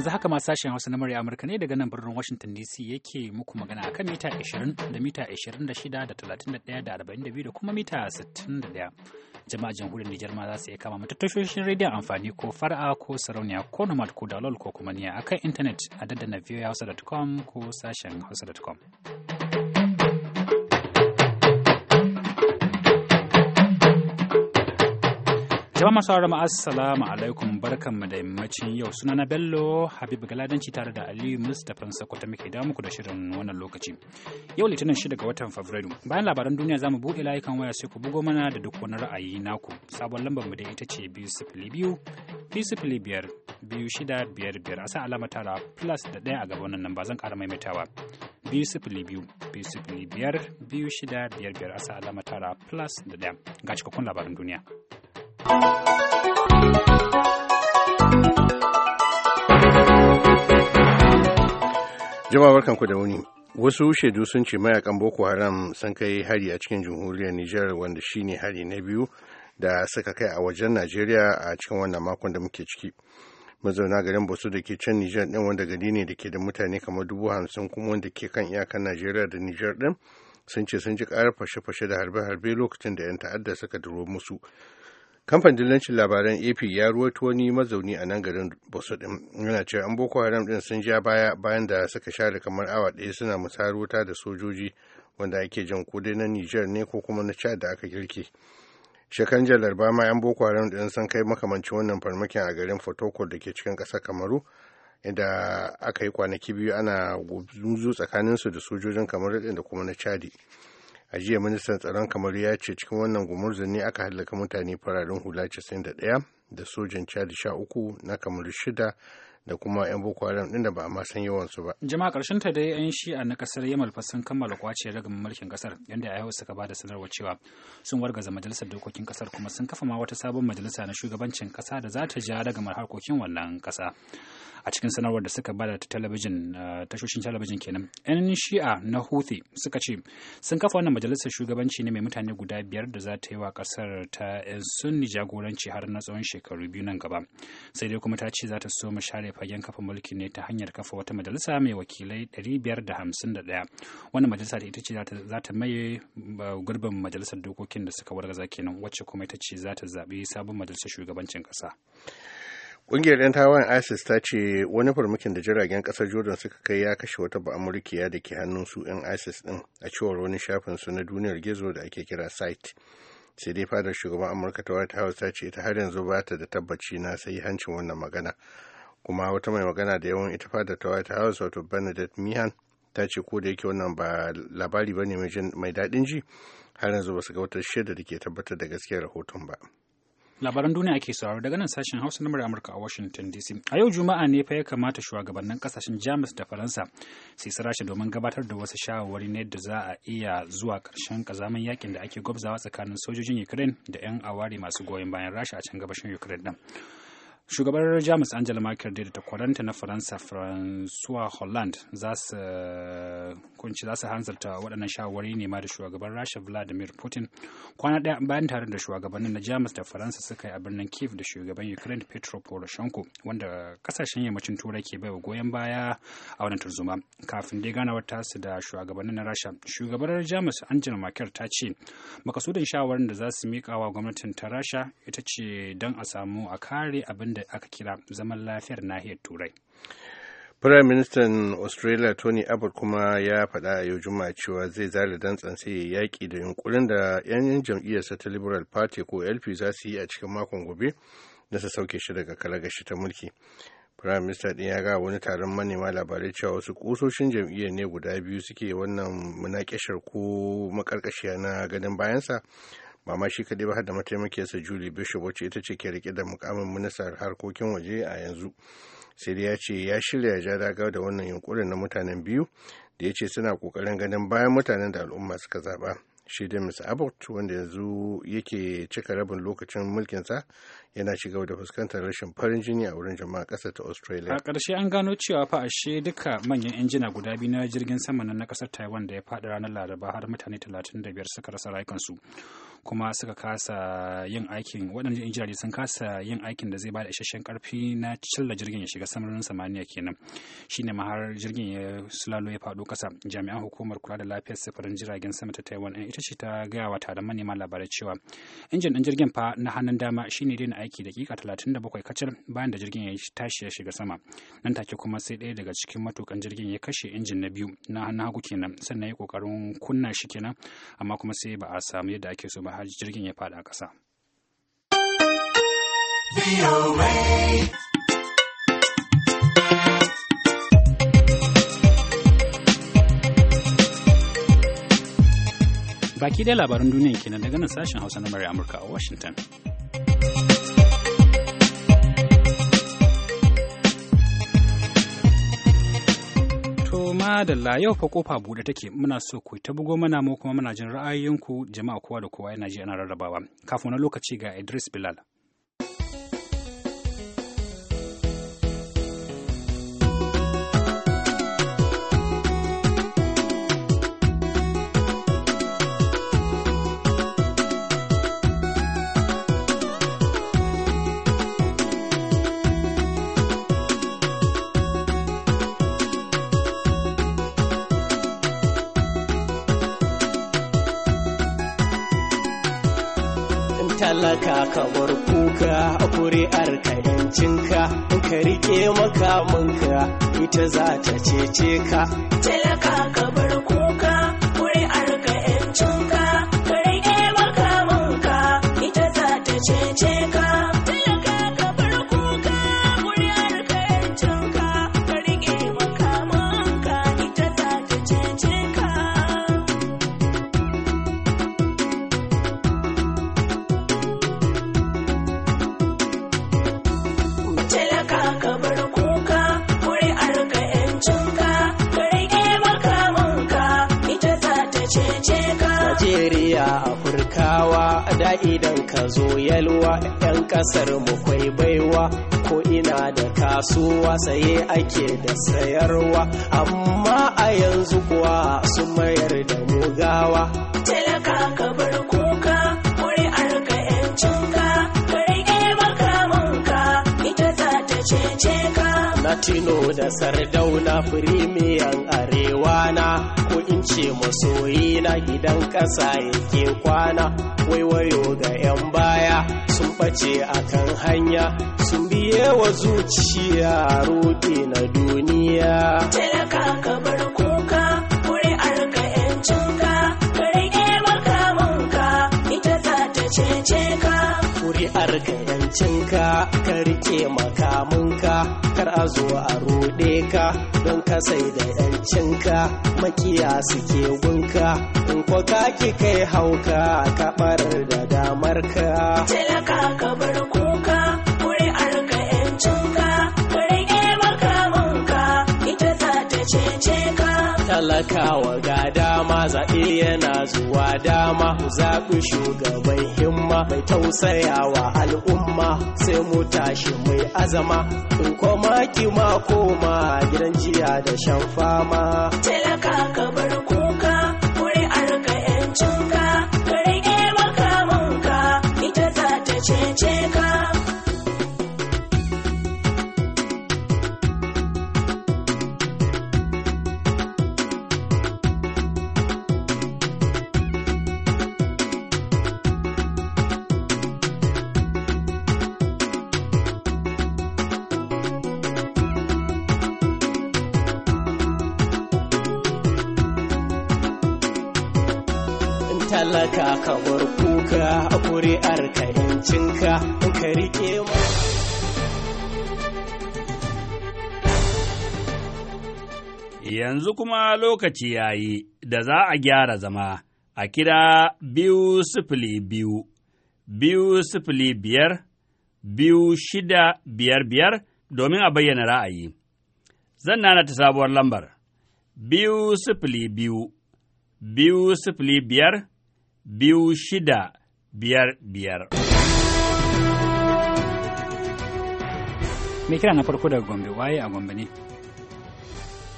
yanzu haka ma sashen Hausa na murya Amurka ne daga nan birnin Washington DC yake muku magana akan mita 20 da mita 26 da 31 da 42 da kuma mita 61. Jama'a jamhuriyar Nijar ma za su iya kama mata tashoshin rediyon amfani ko fara ko sarauniya ko nomad ko dalol ko kuma niya akan intanet a daddana voahausa.com ko sashen hausa.com. Jama'a masu harama assalamu alaikum barkanmu da yammacin yau na Bello Habibu Galadanci tare da Aliyu Mustapha Sokoto muke da muku da shirin wannan lokaci. Yau Litinin 6 ga watan Fabrairu. Bayan labaran duniya zamu buɗe layukan waya sai ku bugo mana da duk wani ra'ayi naku. Sabon lambar mu da ita ce shida biyar biyar a sa alama tara plus da ɗaya a gaba wannan nan ba zan ƙara maimaitawa. biyu sifili biyu biyu sifili biyar biyu shida biyar biyar a sa alama tara plus da ɗaya ga cikakkun labaran duniya. Jama'a ku da wuni. Wasu shaidu sun ce mayakan Boko Haram sun kai hari a cikin jamhuriyar Nijar wanda shine hari na biyu da suka kai a wajen Najeriya a cikin wannan makon da muke ciki. mazauna garin basu da ke can Nijar din wanda gari ne da ke da mutane kamar dubu hamsin kuma wanda ke kan iyakan Najeriya da Nijar ɗin sun ce sun ji ƙara fashe-fashe da harbe-harbe lokacin da 'yan ta'adda suka duro musu kamfan dillancin labaran ap ya ruwaito wani mazauni a nan garin boso din yana cewa an boko haram din sun ja baya bayan da suka share kamar awa ɗaya suna musayar wuta da sojoji wanda ake jan ko dai na niger ne ko kuma na chad da aka girke shekan jalar ba ma yan boko haram din sun kai makamancin wannan farmakin a garin fotokol da ke cikin ƙasar kamaru inda aka yi kwanaki biyu ana guzu su da sojojin kamar da kuma na chadi a jiya ministan tsaron kamar ya ce cikin wannan gumurzun ne aka hallaka mutane fararen hula 91 da sojan chad 13 na kamar shida da kuma 'yan boko haram din da ba a ma san su ba. jama'a karshen ta dai 'yan shi'a na kasar yamal sun kammala kwace ragin mulkin kasar yadda a yau suka ba da sanarwa cewa sun wargaza majalisar dokokin kasar kuma sun kafa ma wata sabon majalisa na shugabancin kasa da za ta ja ragamar harkokin wannan kasa. a cikin sanarwar da suka bada ta talabijin tashoshin talabijin kenan yan shi'a na houthi suka ce sun kafa wannan majalisar shugabanci ne mai mutane guda biyar da za ta yi wa kasar ta yan sunni jagoranci har na tsawon shekaru biyu nan gaba sai dai kuma ta ce za ta so mu share fagen kafa mulki ne ta hanyar kafa wata majalisa mai wakilai 551 wannan majalisa da ita ce za ta maye gurbin majalisar dokokin da suka wargaza kenan wacce kuma ita ce za ta zaɓi sabon majalisar shugabancin ƙasa. Ƙungiyar 'yan tawayen ISIS ta ce wani farmakin da jiragen ƙasar Jordan suka kai ya kashe wata ba'amurkiya da ke hannun su 'yan ISIS ɗin a cewar wani shafin su na duniyar gizo da ake kira site. Sai dai fadar shugaban Amurka ta White House ta ce ita har yanzu ba ta da tabbaci na sai hancin wannan magana. kuma wata mai magana da yawan ita fada ta white house wato benedict mihan ta ce ko da yake wannan ba labari ba ne mai daɗin ji har yanzu ba su ga wata shaida da ke tabbatar da gaskiyar rahoton ba. labaran duniya ake sauraro daga nan sashen hausa na amurka a washington dc a yau juma'a ne fa ya kamata shugabannin kasashen jamus da faransa su isa rasha domin gabatar da wasu shawarwari na yadda za a iya zuwa karshen kazaman yakin da ake gwabzawa tsakanin sojojin ukraine da 'yan aware masu goyon bayan rasha a can gabashin ukraine din shugabar jamus angela merkel da ta kwaranta na faransa francois holland za su kunci za su hanzarta waɗannan shawarwari ne ma da shugaban rasha vladimir putin kwana ɗaya bayan tare da shugabannin na jamus da faransa suka yi a birnin kiev da shugaban ukraine petro poroshenko wanda kasashen yammacin turai ke baiwa goyon baya a wannan turzuma kafin dai ganawar tasu da shugabannin na rasha shugabar jamus angela merkel ta ce makasudin shawarar da za su miƙa wa gwamnatin ta rasha ita ce don a samu a kare abin da da aka kira zaman lafiyar nahiyar turai Firayim Ministan Australia Tony Abbott kuma ya faɗa a yau Juma'a cewa zai zare dantsan sai ya yaƙi da yunkurin da 'yan jam'iyyarsa ta Liberal Party ko LP za su yi a cikin makon gobe da su sauke shi daga kalagashi ta mulki. Firayim Minister ɗin ya ga wani taron manema labarai cewa wasu kusoshin jam'iyyar ne guda biyu suke wannan munakashar ko makarkashiya na ganin bayansa ba ma shi kaɗai ba har da mataimakiyarsa julie bishop wacce ita ce ke rike da mukamin ministar harkokin waje a yanzu sai dai ya ce ya shirya ja daga da wannan yunkurin na mutanen biyu da ya ce suna kokarin ganin bayan mutanen da al'umma suka zaɓa shi da Mr. Abbott wanda yanzu yake cika rabin lokacin mulkin sa yana ci gaba da fuskantar rashin farin jini a wurin jama'a ƙasar ta Australia. A ƙarshe an gano cewa fa ashe duka manyan injina guda biyu na jirgin sama na ƙasar Taiwan da ya faɗi ranar Laraba har mutane 35 suka rasa rayukansu. kuma suka kasa yin aikin waɗannan injinari sun kasa yin aikin da zai ba da isasshen karfi na cilla jirgin ya shiga samarin samaniya kenan shi ne maharar jirgin ya sulalo ya faɗo ƙasa jami'an hukumar kula da lafiyar sifirin jiragen sama ta taiwan ita ce ta gaya wa taron manema labarai cewa injin ɗin jirgin fa na hannun dama shine daina aiki dakika talatin da bakwai kacal bayan da jirgin ya tashi ya shiga sama nan take kuma sai ɗaya daga cikin matukan jirgin ya kashe injin na biyu na hannun hagu kenan sannan ya kokarin kunna shi kenan amma kuma sai ba a samu yadda ake so ba ba har jirgin ya fada ƙasa. Baki ɗaya labaran duniya kenan daga nan sashen Hausa na Amurka a Washington. madalla yau fa kofa buɗe take muna so ku ta bugo mana mu kuma muna jin ra'ayoyinku jama'a kowa da kowa yana ji ana rarrabawa kafin na lokaci ga Idris Bilal talaka ka bar kuka kuri'ar ka yancinka in ka rike makamanka ita za ta cece ka talaka ka kasar mu kwai baiwa ko ina da kasuwa saye ake da sayarwa amma a yanzu kuwa su mayar da mugawa tino da sardauna firimiyan arewa na ko in ce masoyi na gidan ƙasa yake kwana waiwayo ga 'yan baya sun ɓace a kan hanya sun biye wa zuciya rudi na duniya talaka bar kuka kuri'ar ka 'yancinka ka rike makamanka ita za ta cece ka kuri'ar ka cinka ka rike makaminka kar a zo a ruɗe ka don ka sai da yancinka makiya suke gunka in ko ka ki kai hauka ka barar da damarka talaka ka bar kuka kuri'ar ka yancinka ka rike makaminka ita za ta cece ka talakawa gari dama zaɓe yana zuwa dama ku shugaban himma mai tausayawa al'umma sai mu tashi mai azama in koma ma koma gidan jiya da shan fama talaka ka kamar kuka a ƙuri'ar ka ka riƙe mu. Yanzu kuma lokaci ya yi da za a gyara zama a kira biyu sifili biyu, biyu sifili biyar, biyu shida biyar biyar domin a bayyana ra'ayi. Zan nana ta sabuwar lambar, biyu sifili biyu, biyu sifili biyar, biyu shida biyar biyar. Me kira na farko daga Gombe waye a Gombe ne?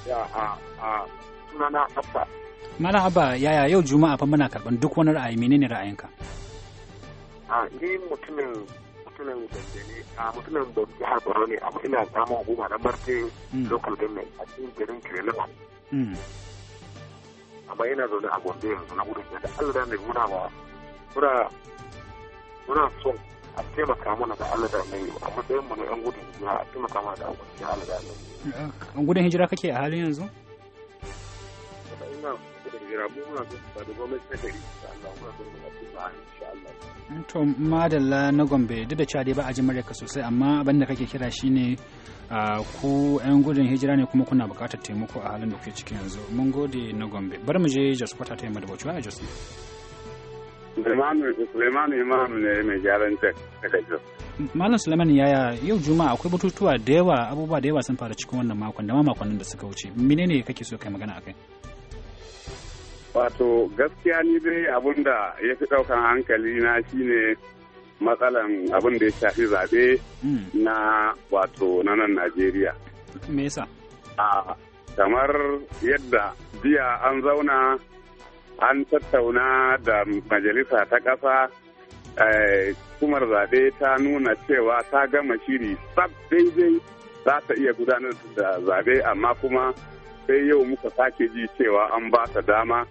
Ya a a sunana Abba. Mala Abba yaya yau Juma'a fa muna karɓan duk wani ra'ayi menene ra'ayinka? A ni mutumin mutumin Gombe ne a mutumin Gombe jihar Borno ne amma ina samun hukuma na Martin hmm. local government a cikin garin Kirelama. Hmm. amma yana zaune a gombe yanzu na gudun da allah mai muna ba muna muna son a taimaka mana da allah da mai a matsayin mu na yan gudun hijira a taimaka mana da allah da mai an gudun hijira kake a halin yanzu to madalla na Gombe duk da cewa dai ba a ji muryarka sosai amma abin da kake kira shine ku yan gudun hijira ne kuma kuna bukatar taimako a halin da kuke ciki yanzu mun gode na Gombe Bar mu je Jos Kwata ta yi madaba cewa a Jos ne Suleiman Imam ne mai gyaran tek daga Jos Malam Suleiman yaya yau Juma'a akwai batutuwa da yawa abubuwa da yawa sun faru cikin wannan makon da ma makonnin da suka wuce. Menene kake so kai magana akai? Wato gaskiya ni dai abun da ya fi ɗaukan hankali na shine matsalan abin da ya shafi zaɓe hmm. na wato na nan Najeriya. Me yasa? A kamar yadda jiya an zauna an tattauna da majalisa ta ƙasa eh, kumar zaɓe ta nuna cewa ta gama shiri sab daidai za ta iya gudanar da zaɓe amma kuma sai yau muka sake ji cewa an ba ta dama.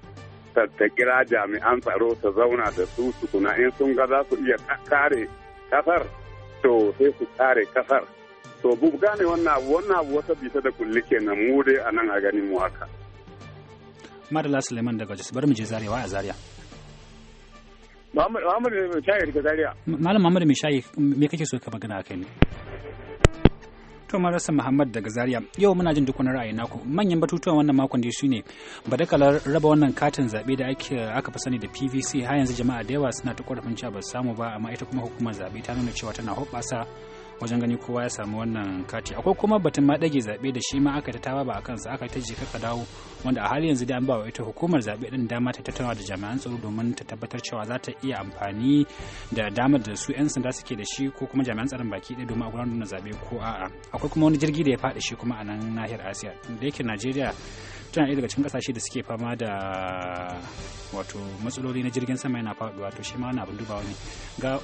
ta kira jami'an tsaro ta zauna da su tukuna in sun ga za su iya kare kasar to sai su kare kasar to bu gane wannan abu wannan abu wata bisa da kulli kenan mu dai a nan a ganin mu haka madala suleiman daga jos bari mu je waya zariya zaria Muhammadu Mai Shayi daga zariya Malam Muhammadu Mai Shayi me kake so ka magana akai ne? to marasa muhammad daga zaria yau muna jin duk wani ra'ayi naku manyan batutuwan wannan makon dai shine badakalar raba wannan katin zaɓe da ake aka fi sani da pvc har yanzu jama'a da yawa suna ta korafin cewa ba samu ba amma ita kuma hukumar zaɓe ta nuna cewa tana hoɓɓasa wajen gani kowa ya samu wannan kati akwai kuma batun ma dage zaɓe da shi ma aka ta tawa ba a kansa aka ta je ka dawo wanda a hali yanzu dai an ba wa ita hukumar zabe din dama ta tattauna da jami'an tsaro domin ta tabbatar cewa za ta iya amfani da dama da su 'yan sanda suke da shi ko kuma jami'an tsaron baki ɗaya domin a gudanar da zabe ko a'a akwai kuma wani jirgi da ya faɗi shi kuma a nan nahiyar asiya da yake najeriya tana ɗaya daga cikin ƙasashe da suke fama da wato matsaloli na jirgin sama yana faɗuwa to shi ma wani abin dubawa ne ga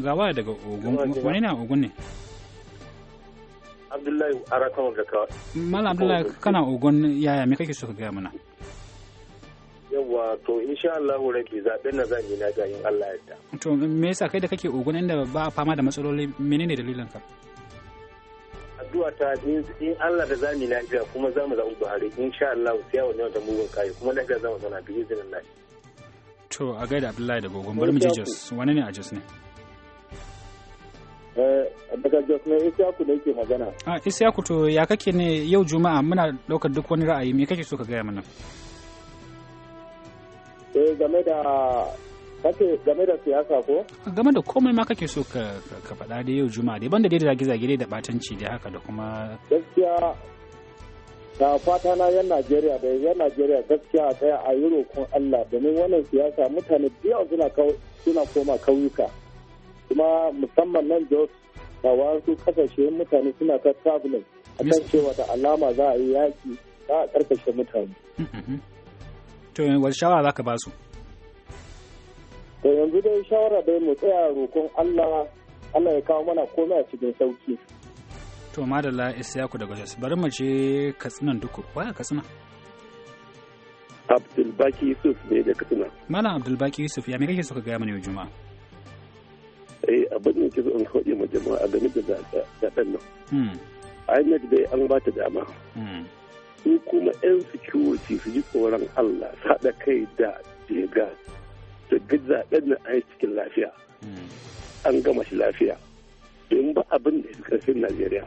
gawa daga ogun wani na ogun ne abdullahi arakan ga kawai mala abdullahi kana ogun yaya me kake so ka gaya mana yawa to insha Allah rabi zaben na zan na ga Allah ya ta to me yasa kai da kake ogun inda ba fama da matsaloli menene dalilin ka addu'a ta in Allah da na lafiya kuma zamu zaɓi Buhari insha Allah sai wa wannan da mugun kai kuma lafiya zamu zana bi izinin Allah to a gaida Abdullahi da Gogon bari mu je Jos wani ne a Jos ne Eh, daga Jos ne Isiyaku da yake magana. Ah Isiyaku to ya kake ne yau Juma'a muna daukar duk wani ra'ayi me kake so ka gaya mana? Eh game da kake game da siyasa ko? Game da komai ma kake so ka ka faɗa da yau Juma'a dai banda dai da gizagire dai da batanci da haka da kuma gaskiya da fata na yan Najeriya da yan Najeriya gaskiya a tsaya a yi roƙon Allah domin wannan siyasa mutane da suna koma kauyuka. kuma musamman nan jos da wasu kasashe mutane suna ta traveling a kan cewa da alama za a yi yaki za a karkashe mutane. Mm-hmm. To wani shawara za ka ba su? To yanzu dai shawara dai mu tsaya roƙon Allah Allah ya kawo mana komai a cikin sauki. To madalla ku daga Jos bari mu je Katsinan duku waya Katsina. Abdulbaki Yusuf ne da Katsina. Malam Abdulbaki Yusuf ya mai kake so ka gaya mana yau Juma'a? abin da ke zo in faɗi ma jama'a game da zaɓen nan hmm. inec dai an ba ta dama hmm. su kuma 'yan security su ji tsoron allah haɗa kai da jega da duk zaɓen nan a yi cikin lafiya hmm. an gama shi lafiya in ba abin da ya fi najeriya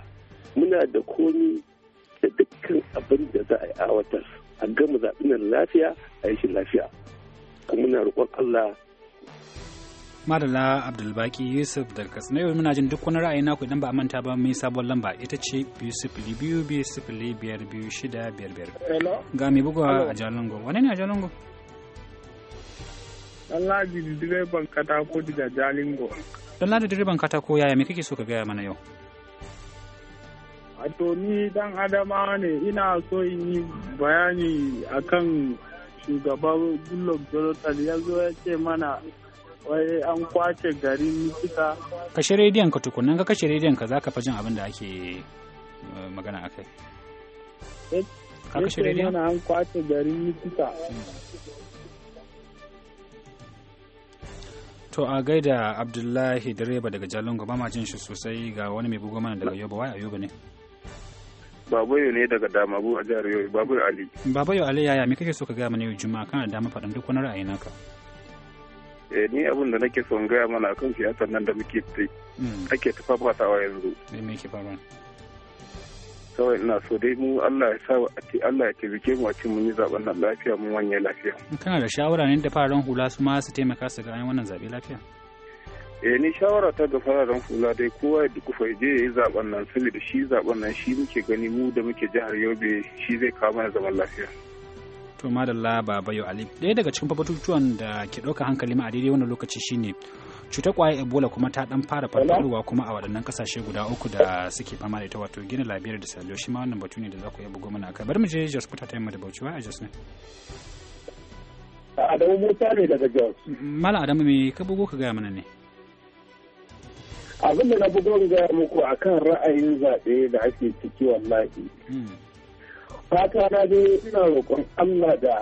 muna da komi da dukkan abin da za a yi awatar a gama zaɓen nan lafiya a yi shi lafiya kuma muna roƙon allah madala abdulbaki yusuf da katsina yau muna jin duk wani ra'ayi naku idan ba a manta ba mai sabon lamba ita ce biyu sifili biyu biyu sifili biyar biyu shida biyar biyar ga mai bugawa a jalango wani ne a jalango Lalladi direban katako daga jalingo Lalladi direban katako yaya mai kake so ka gaya mana yau a to ni dan adama ne ina so in yi bayani akan shugaban gullok jonathan ya zo ya ce mana wai an kwace gari Mikita. Kashe rediyon ka tukunan ka kashe rediyon ka za ka jin abin da ake eh, magana a kai. Eh, ka kashe rediyon? an kwace gari Mikita. To a gaida Abdullahi direba daga Jalingo ba ma jin shi sosai ga wani mai bugo mana daga Yoba wai a Yoba ne. Babayo ne daga Damabu a jihar babu Babayo Ali. Babayo Ali yaya me kake so ka gaya mana yau Juma'a kana da dama faɗan duk wani ra'ayi naka. Eh, ni abin da nake son gaya mana akan siyasar nan da muke hmm. ake tafafatawa yanzu me ke faruwa kawai ina so dai mu Allah ya sa Allah ya taimake mu a cikin mun yi zaben nan lafiya mun wanye lafiya kana da shawara ne da fararen hula su ma su taimaka su ga an wannan zabe lafiya eh ni shawara ta ga fararen hula dai kowa ya duku fa je yayi zaben nan saboda shi zaben nan shi muke gani mu da muke jihar Yobe shi zai kawo mana zaman lafiya to madalla laba bayo ali ɗaya daga cikin batutuwan da ke ɗauka hankali ma a daidai wannan lokaci shine cutar kwayar ebola kuma ta dan fara farfaruwa kuma a waɗannan ƙasashe guda uku da suke fama da ita wato gina labiyar da saliyo shi ma wannan batu ne da za ku iya bugo mana kai bari mu je jos kuta ta yamma da bauchi a jos ne adamu musa ne daga jos mala adamu me ka bugo ka gaya mana ne abin da na bugo in gaya muku akan ra'ayin zaɓe da ake ciki wallahi hmm. fata na dai ina roƙon Allah da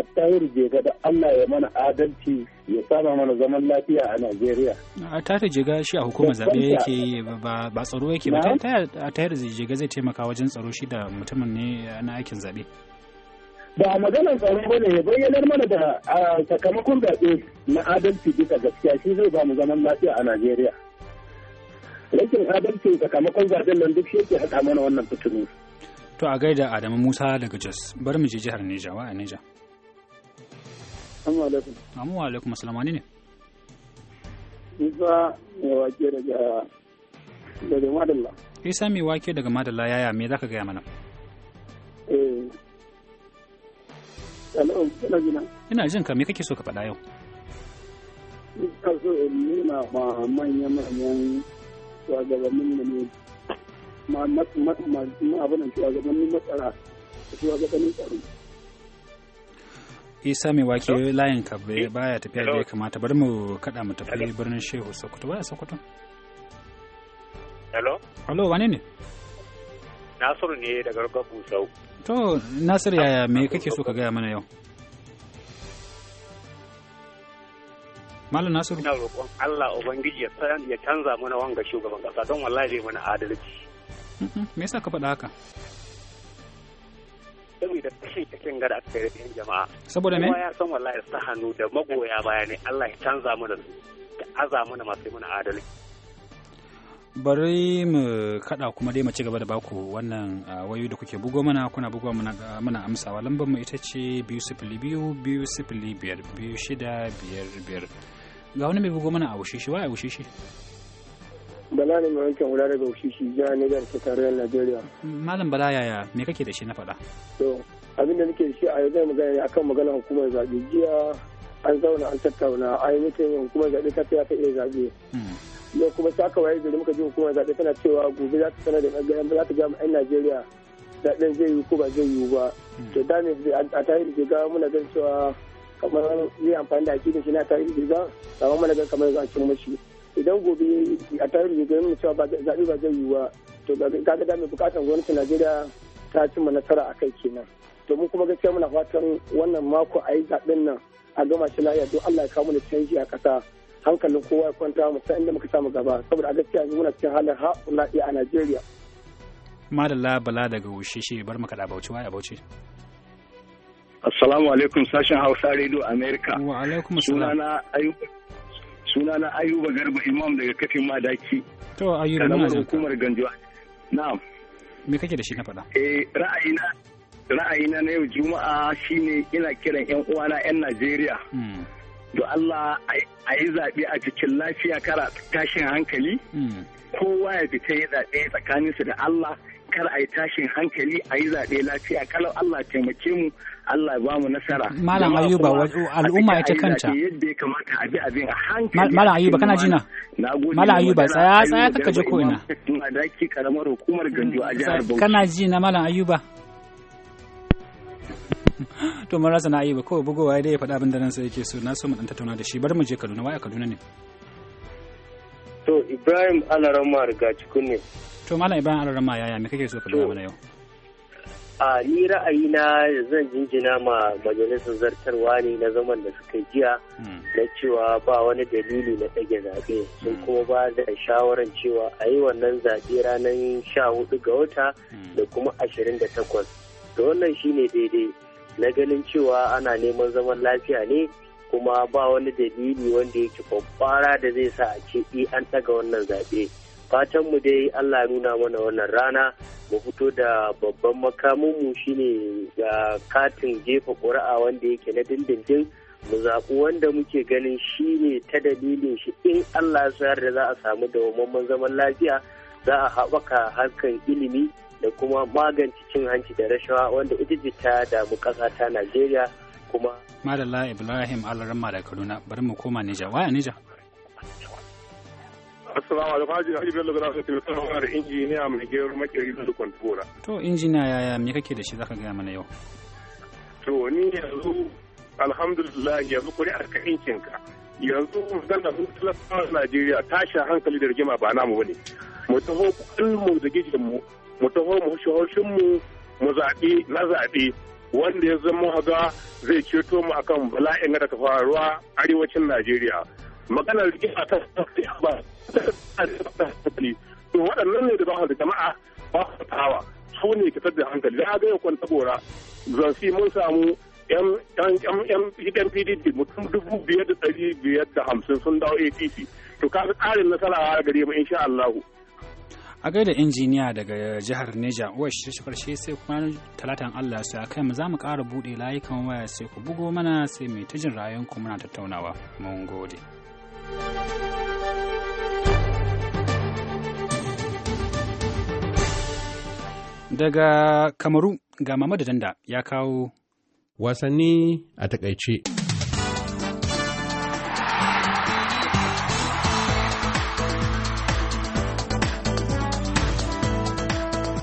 attayar jega da Allah ya mana adalci ya sama mana zaman lafiya a Najeriya. A tata jega shi a hukumar zaɓe yake ba tsaro yake ba a tayar jega zai taimaka wajen tsaro shi da mutumin ne na aikin zaɓe. Ba magana tsaro ba ne bayyanar mana da sakamakon zaɓe na adalci bisa gaskiya shi zai ba mu zaman lafiya a Najeriya. Rashin adalci sakamakon zaɓen nan duk shi yake haɗa mana wannan fitinu. To a gaida Adamu Musa daga Jos, bari mu je jihar Neja wa a Neja. Assalamu alaikum. Assalamu alaikum, ne. Isa mai wake daga daga Madalla. Isa mai wake daga Madalla yaya me zaka gaya mana? Eh. Hello, kana jina? Ina jin ka me kake so ka faɗa yau? Ina so in nuna ma manyan manyan shugabannin da ne isa mai wake layin ka eh, baya tafiya da ya kamata bari mu kada mu tafi birnin shehu sokoto baya sokoto hello hello wane ne nasiru ne daga rugabu sau to nasir yaya me kake so ka gaya mana yau Malam Nasiru. Ina roƙon Allah Ubangiji ya canza mana wanga shugaban ƙasa don wallahi zai mana adalci. Mhm. me yasa ka faɗa haka saboda kashe cikin gada aka yi da jama'a saboda me ya san wallahi sa hannu da magoya baya ne Allah ya canza mu da aza da masu mana adalci bari mu kada kuma dai mu ci gaba da baku wannan wayo da kuke bugo mana kuna bugo mana muna amsawa lambar mu ita ce biyu sifili biyu biyu sifili biyar biyu shida biyar biyar ga wani mai bugo mana a wushe shi wa a wushe shi Bala ne mai wankin wula daga Ushishi ne Niger ta tarayyar Najeriya. Malam Bala yaya me kake da shi na faɗa? To abin da nake da shi a yanzu magana ne akan maganar hukumar zaɓe jiya an zauna an tattauna a yi mutum hukumar zaɓe ta ta iya zaɓe. Hmm. Yau kuma ta aka waye gari muka ji hukumar zaɓe tana cewa gobe za ta sanar da ɗan za ta ga 'yan Najeriya zaɓen zai yi ko ba zai yi ba. Hmm. To da ne a tarihi da ga muna gan cewa kamar zai amfani da hakikin shi na tarihi ga kamar mana gan kamar a cin mashi. idan gobe a tarihi ga mu cewa zaɓe ba zai yiwuwa to ga da mai bukatar gwamnatin najeriya ta cimma nasara a kai kenan to mu kuma gaskiya muna fatan wannan mako a yi zaɓen nan a gama shi lafiya don allah ya kawo mana canji a ƙasa hankalin kowa ya kwanta mu san inda muka samu gaba saboda a gaskiya muna cikin halin ha'ula'i a najeriya. madalla bala daga wushe shi bar maka da bauchi waya bauchi. Assalamu alaikum sashen Hausa Radio America. Wa alaikum assalam. Sunana Ayuba Suna na Ayuba Garba Imam daga kafin madaki. To Ayuba na hukumar Ganjuwa. Na'am. Me kake da shi na faɗa? Eh ra'ayina ra'ayina na yau Juma'a shine ina kiran yan uwana yan Najeriya. Hmm. Do Allah a yi zaɓe a cikin lafiya kara tashin hankali. Hmm. Kowa ya fita ya zaɓe tsakaninsu da Allah. kar a yi tashin hankali a yi zaɓe lafiya kalau Allah taimake mu Allah ba mu nasara. Malam Ayuba wajo al'umma ita kanta. Yadda ya kamata a bi abin a hankali. Malam Ayuba kana jina? Malam Ayuba tsaya tsaya kaka je ko ina. daki karamar hukumar Ganjo a jihar Bauchi. Kana jina Malam Ayuba? to mun rasa na Ayuba kawai bugowa dai ya faɗa abin da nan sai yake so na so mu dan tattauna da shi bar mu je Kaduna wai a Kaduna ne. To Ibrahim Alarama riga cikin ne. to malam ibrahim alarama yaya me kake so ka mana yau a ni ra'ayina zan jinjina ma majalisar zartarwa ne na zaman da suka jiya hmm. na cewa ba wani dalili na ɗage zaɓe sun hmm. kuma ba da shawaran cewa a yi wannan zaɓe ranar sha hudu ga wata hmm. da kuma ashirin da takwas da wannan shine daidai na ganin cewa ana neman zaman lafiya ne kuma ba wani dalili wanda yake kwakwara da zai sa a ce eh, an ɗaga wannan zaɓe. fatanmu dai allah ya nuna mana wannan rana mu fito da babban makaminmu shine ga katin jefa ƙuri'a wanda yake na dindindin mu zaɓi wanda muke ganin shine ta dalilin shi in allah ya da za a samu dawamamman zaman lafiya za a haɓaka harkan ilimi da kuma magance cin hanci da rashawa wanda ita ce ta damu ƙasa ta najeriya kuma madalla ibrahim alarama da kaduna bari mu koma nija waya nija Assalamu alaikum Haji Haji Bello ga zafi tilasta na da injiniya mai gero makeri da kwantora. To injiniya yaya me kake da shi zaka gaya mana yau? To ni yanzu alhamdulillah yanzu kuri a ka inkinka. Yanzu magana mun tilasta Najeriya tashin hankali da rigima ba namu bane. Mu taho kulmu da gijin mu mu taho mu shawarshin mu mu zaɓi na zaɓi wanda ya zama haga zai ceto mu akan bala'in da ta faruwa arewacin Najeriya. maganar rigima ta ba to waɗannan ne da ba da jama'a ba su tawa su ne kitar da hankali da ga yakon tabora zansi mun samu yan pdp mutum dubu biyar da ɗari biyar da hamsin sun dawo apc to kaga ƙarin nasara a gare mu insha allahu a gaida injiniya daga jihar Neja uwar shi karshe sai kuma talatan Allah su kai mu za mu kara buɗe layukan waya sai ku bugo mana sai mai tajin jin rayuwar na muna tattaunawa mun gode. Daga Kamaru ga Mamadu Danda ya kawo wasanni a takaice.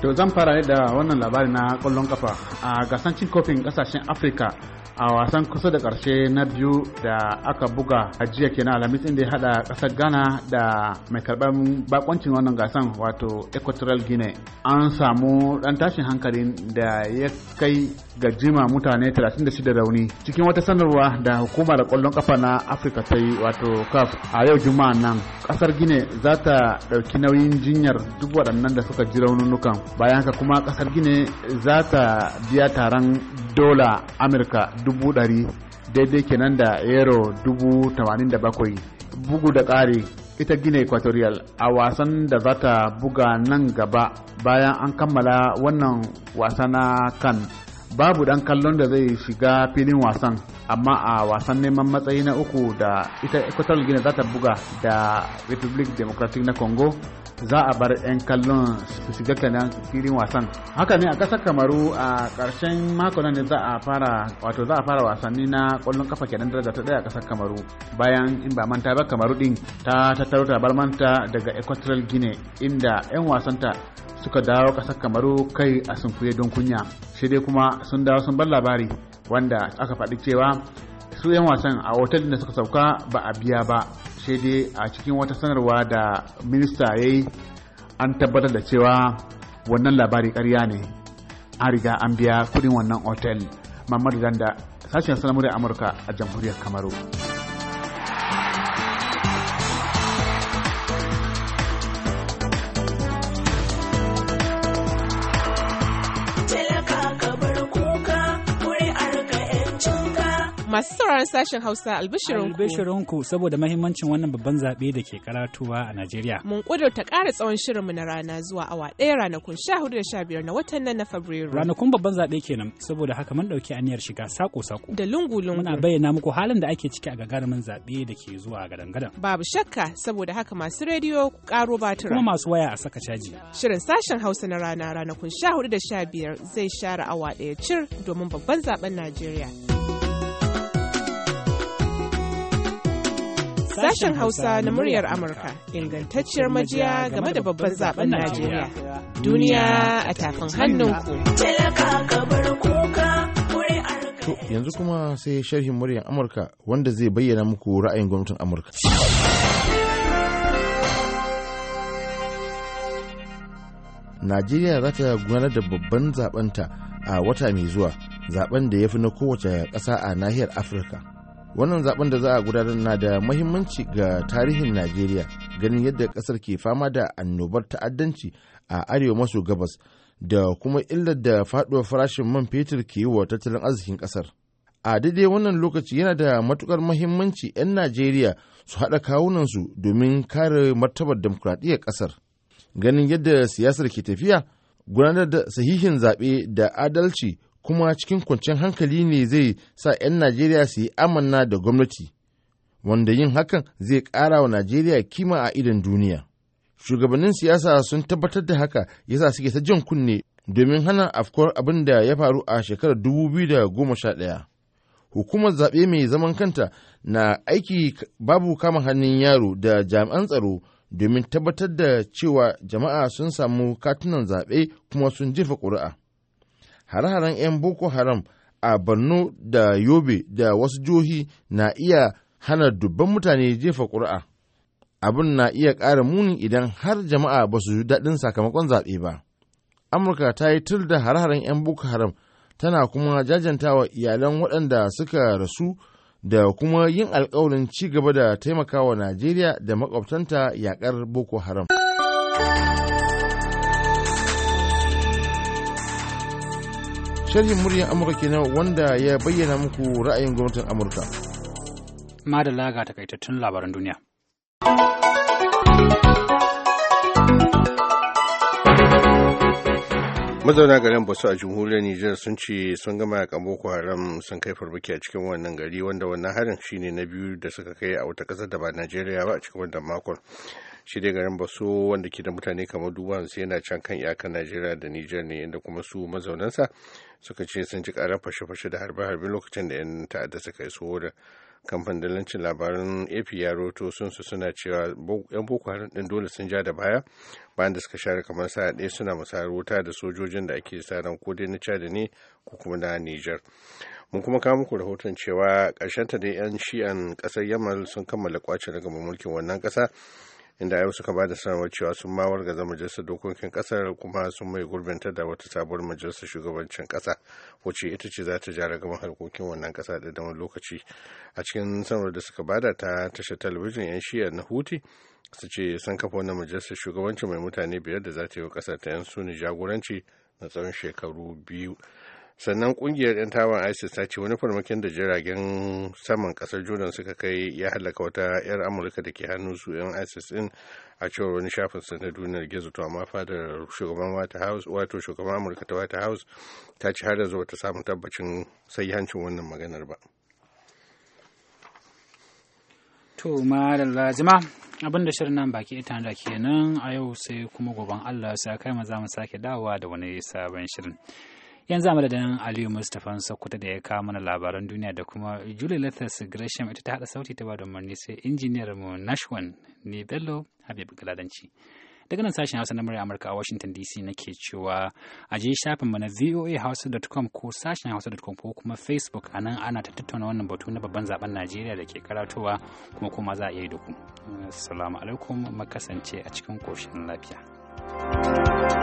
to zan fara da wannan labari na kwallon kafa a gasan cin kofin kasashen afirka a wasan kusa da karshe na biyu da aka buga a jiya ke na alhamis inda ya hada kasar ghana da mai karban bakoncin wannan gasan wato equatorial guinea an samu dan tashin hankalin da ya kai ga jima mutane 36 rauni cikin wata sanarwa da hukumar kwallon kafa na afirka ta yi wato caf a yau juma'a nan kasar guinea za ta ɗauki nauyin jinyar duk waɗannan da suka ji raununukan bayan haka kuma kasar gine za ta biya taron dola amurka dubu ɗari daidai kenan da euro dubu tamanin da bakwai bugu da ƙari ita gine equatorial a wasan da za ta buga nan gaba bayan an kammala wannan wasa kan babu dan kallon da zai shiga filin wasan amma a wasan neman matsayi na uku da ita equatorial gine za ta buga da republic democratic na congo za a bar 'yan kallon su shiga kanan filin wasan haka ne a ƙasar kamaru a ƙarshen makon ne za a fara wato za a fara wasanni na ƙwallon kafa kenan daraja ta ɗaya a ƙasar kamaru bayan in ba manta ba kamaru ɗin ta tattaro tabarmanta daga equatorial guinea inda 'yan wasanta suka dawo ƙasar kamaru kai a sunkuye don kunya shi dai kuma sun dawo sun bar labari wanda aka faɗi cewa su 'yan wasan a otal da suka sauka ba a biya ba sai dai a cikin wata sanarwa da minista ya yi an tabbatar da cewa wannan labari karya ne an riga an biya kudin wannan otel mamadu danda sashen sanar amurka a jamhuriyar kamaru. Masu sauraron sashen Hausa albishirinku. Albishirinku saboda mahimmancin wannan babban zaɓe da ke karatuwa a Najeriya. Mun ta ƙara tsawon shirinmu na rana zuwa awa ɗaya ranakun sha hudu da sha biyar na watan nan na Fabrairu. Ranakun babban zaɓe kenan saboda haka mun ɗauki aniyar shiga sako-sako. Da lungu-lungu. Muna bayyana muku halin da ake ciki a gagarumin zaɓe da ke zuwa gadan-gadan. Babu shakka saboda haka masu rediyo ku ƙaro batura Kuma masu waya a saka caji. Shirin sashen Hausa na rana ranakun sha hudu da sha biyar zai share awa ɗaya cir domin babban zaɓen Najeriya. Sashen Hausa na muryar Amurka ingantacciyar majiya game da babban zaben Najeriya. Duniya a tafin hannunku. To yanzu kuma sai sharhin muryar Amurka wanda zai bayyana muku ra'ayin gwamnatin Amurka. Najeriya za ta gudanar da babban ta a wata mai zuwa zaben da ya fi na kowace ƙasa a nahiyar Afirka. wannan zaben da za a gudanar na da mahimmanci ga tarihin najeriya ganin yadda kasar ke fama da annobar ta'addanci a arewa maso gabas da kuma illar da faduwar farashin man fetur ke yi wa tattalin arzikin kasar a daidai wannan lokaci yana da matukar mahimmanci 'yan najeriya su haɗa kawunansu domin kare martabar demokuraɗiyyar kasar ganin yadda siyasar ke tafiya gudanar da sahihin zaɓe da adalci kuma cikin kwanciyar hankali ne zai sa 'yan Najeriya su yi amanna da gwamnati, wanda yin hakan zai ƙara wa Najeriya kima a idon duniya. Shugabannin siyasa sun tabbatar da haka yasa suke ta jin kunne domin hana afkuwar abin da ya faru a shekarar dubu biyu da goma sha ɗaya. Hukumar zaɓe mai zaman kanta na aiki babu kama hannun yaro da jami'an tsaro domin tabbatar da cewa jama'a sun samu katunan zaɓe kuma sun jefa ƙuri'a. hare-haren 'yan boko haram a borno da yobe da wasu jihohi na iya hana dubban mutane jefa ƙuri'a abin na iya ƙara muni idan har jama'a ba su ji daɗin sakamakon zaɓe ba amurka ta yi tur da hare-haren 'yan boko haram tana kuma jajantawa iyalan waɗanda suka rasu da kuma yin alkawarin ci gaba da taimakawa najeriya da makwabtanta yaƙar boko haram. sharhin muryar amurka kenan wanda ya bayyana muku ra'ayin gwamnatin amurka madalla ga takaitattun labaran duniya mazauna garin basu a jamhuriyar nijar sun ce sun gama yakan boko haram sun kai farbaki a cikin wannan gari wanda wannan harin shine na biyu da suka kai a wata kasar da ba najeriya ba a cikin wannan makon shi dai garin baso wanda ke da mutane kamar dubu hamsin yana can kan iyakar najeriya da niger ne inda kuma su mazaunansa suka ce sun ji karar fashe-fashe da harbe-harbe lokacin da 'yan ta'adda suka iso da kamfanin dalancin labaran ap ya roto sun su suna cewa yan boko haram din dole sun ja da baya bayan da suka share kamar sa ɗaya suna musayar wuta da sojojin da ake sa ran ko dai na chad ne ko kuma na niger mun kuma kawo muku rahoton cewa karshen ta da yan shi'an ƙasar yamal sun kammala kwace daga mulkin wannan ƙasa inda ya suka ba da sanarwar cewa sun ma wargaza majalisar dokokin kasar kuma sun mai gurbinta da wata sabuwar majalisar shugabancin kasa wacce ita ce za ta ja gaban harkokin wannan kasa da dama lokaci a cikin sanarwar da suka bada ta tashar talabijin yan shiya na huti su ce sun kafa wannan majalisar shugabancin mai mutane biyar da za ta yi wa kasar ta yan suni jagoranci na tsawon shekaru biyu sannan kungiyar 'yan tawan isis ta ce wani farmakin da jiragen saman kasar jordan suka kai ya halaka wata 'yar amurka da ke hannun su 'yan isis din a cewar wani shafin sa na duniyar gizo to amma fadar shugaban white house wato shugaban amurka ta wata house ta ci har yanzu bata samu tabbacin hancin wannan maganar ba to da lazima abinda shirin nan baki ita da kenan a yau sai kuma goban allah sai kai mu za mu sake dawowa da wani sabon shirin yanzu da madadin aliyu mustapha sokoto da ya kawo mana labaran duniya da kuma julie lethas gresham ita ta hada sauti ta ba da umarni sai injiniyar mu nashwan ne bello habib galadanci daga nan sashen hausa na murya amurka a washington dc nake cewa a je shafin mu na voahausa.com ko sashen hausa.com ko kuma facebook a nan ana ta tattauna wannan batu na babban zaben najeriya da ke karatuwa kuma kuma za a iya yi da ku assalamu alaikum makasance a cikin koshin lafiya thank you